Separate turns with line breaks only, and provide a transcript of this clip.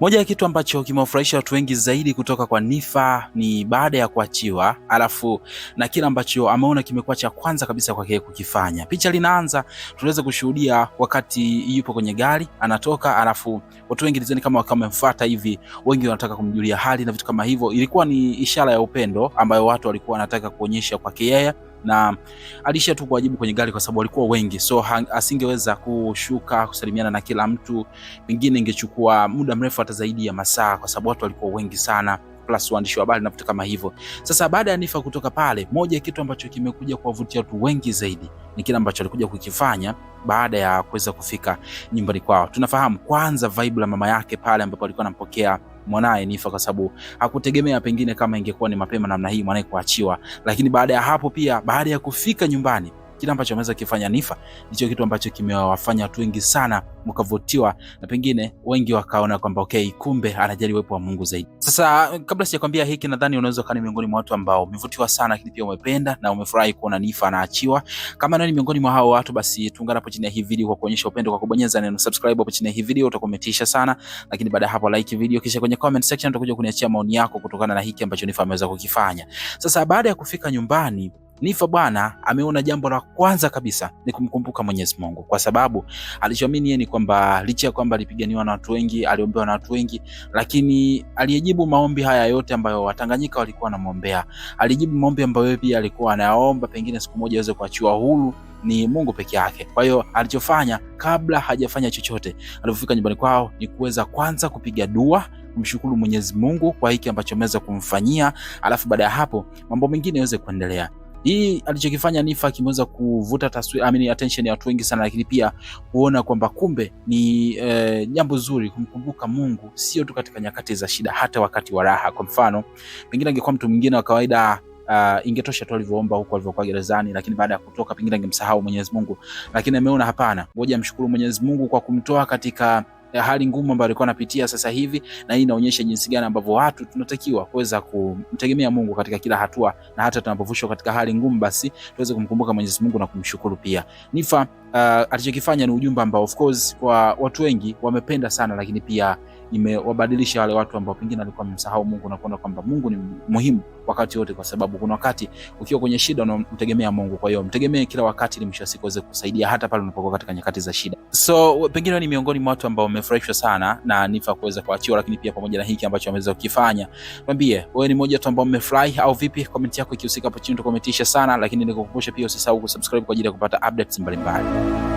Moja ya kitu ambacho kimewafurahisha watu wengi zaidi kutoka kwa Nifa ni baada ya kuachiwa, alafu na kile ambacho ameona kimekuwa cha kwanza kabisa kwake kukifanya. Picha linaanza, tunaweza kushuhudia wakati yupo kwenye gari anatoka, alafu watu wengi dizeni kama wakamemfuata hivi, wengi wanataka kumjulia hali na vitu kama hivyo. Ilikuwa ni ishara ya upendo ambayo watu walikuwa wanataka kuonyesha kwake yeye na alishia tu kuwajibu kwenye gari kwa sababu walikuwa wengi, so asingeweza kushuka kusalimiana na kila mtu, pengine ingechukua muda mrefu hata zaidi ya masaa, kwa sababu watu walikuwa wengi sana plus waandishi wa habari na vitu kama hivyo. Sasa baada ya Niffer kutoka pale, moja ya kitu ambacho kimekuja kuwavutia watu wengi zaidi ni kile ambacho alikuja kukifanya baada ya kuweza kufika nyumbani kwao. Tunafahamu kwanza vibe la mama yake pale ambapo alikuwa anampokea mwanaye Nifa kwa sababu hakutegemea pengine kama ingekuwa ni mapema namna hii mwanaye kuachiwa. Lakini baada ya hapo pia, baada ya kufika nyumbani kile ambacho ameweza kifanya Nifa ndicho kitu ambacho kimewafanya watu wengi sana mkavutiwa na pengine wengi wakaona kwamba okay, kumbe anajali uwepo wa Mungu zaidi. Sasa kabla sijakwambia hiki, nadhani unaweza kana miongoni mwa watu ambao umevutiwa sana, lakini pia umependa na umefurahi kuona Nifa anaachiwa. Kama nani miongoni mwa hao watu, basi tuungane hapo chini ya hii video kwa kuonyesha upendo kwa kubonyeza neno subscribe hapo chini ya hii video, utakometisha sana, lakini baada hapo like video, kisha kwenye comment section utakuja kuniachia maoni yako kutokana na hiki ambacho Nifa ameweza kukifanya. Sasa baada ya kufika nyumbani Nifa bwana ameona jambo la kwanza kabisa ni kumkumbuka Mwenyezi Mungu, kwa sababu alichoamini yeye ni kwamba licha ya kwamba alipiganiwa na watu wengi, aliombewa na watu wengi, lakini aliyejibu maombi haya yote ambayo Watanganyika walikuwa wanamwombea, alijibu maombi ambayo pia alikuwa anayaomba pengine siku moja aweze kuachiwa huru ni Mungu peke yake. Kwa hiyo alichofanya kabla hajafanya chochote, alipofika nyumbani kwao ni kuweza kwanza kupiga dua kumshukuru Mwenyezi Mungu kwa hiki ambacho ameweza kumfanyia, alafu baada ya hapo mambo mengine yaweze kuendelea. Hii alichokifanya Nifa kimeweza kuvuta taswira, I mean, attention ya watu wengi sana, lakini pia kuona kwamba kumbe ni eh, jambo eh, zuri kumkumbuka Mungu sio tu katika nyakati za shida, hata wakati wa raha. Kwa mfano, pengine angekuwa mtu mwingine wa kawaida Uh, ingetosha tu alivyoomba huko alivyokuwa gerezani, lakini baada ya kutoka pengine angemsahau Mwenyezi Mungu, lakini ameona hapana, ngoja amshukuru Mwenyezi Mungu kwa kumtoa katika Eh, hali ngumu ambayo alikuwa anapitia sasa hivi, na hii inaonyesha jinsi gani ambavyo watu tunatakiwa kuweza kumtegemea Mungu katika kila hatua, na hata tunapovushwa katika hali ngumu, basi tuweze kumkumbuka Mwenyezi Mungu na kumshukuru pia. Nifa uh, alichokifanya ni ujumbe ambao of course kwa watu wengi wamependa sana, lakini pia imewabadilisha wale watu ambao pengine walikuwa wamemsahau Mungu na kuona kwamba Mungu ni muhimu wakati wote, kwa sababu kuna wakati ukiwa kwenye shida unamtegemea Mungu. Kwa hiyo mtegemee kila wakati, ili mwisho wa siku aweze kusaidia hata pale unapokuwa katika nyakati za shida. So pengine ni miongoni mwa watu ambao wamefurahishwa sana na Niffer kuweza kuachiwa, lakini pia pamoja na hiki ambacho ameweza kukifanya. Mwambie wewe ni mmoja tu ambao umefurahi au vipi? Comment yako ikihusika hapo chini, tukometisha sana, lakini nikukumbusha pia usisahau kusubscribe kwa ajili ya kupata updates mbalimbali.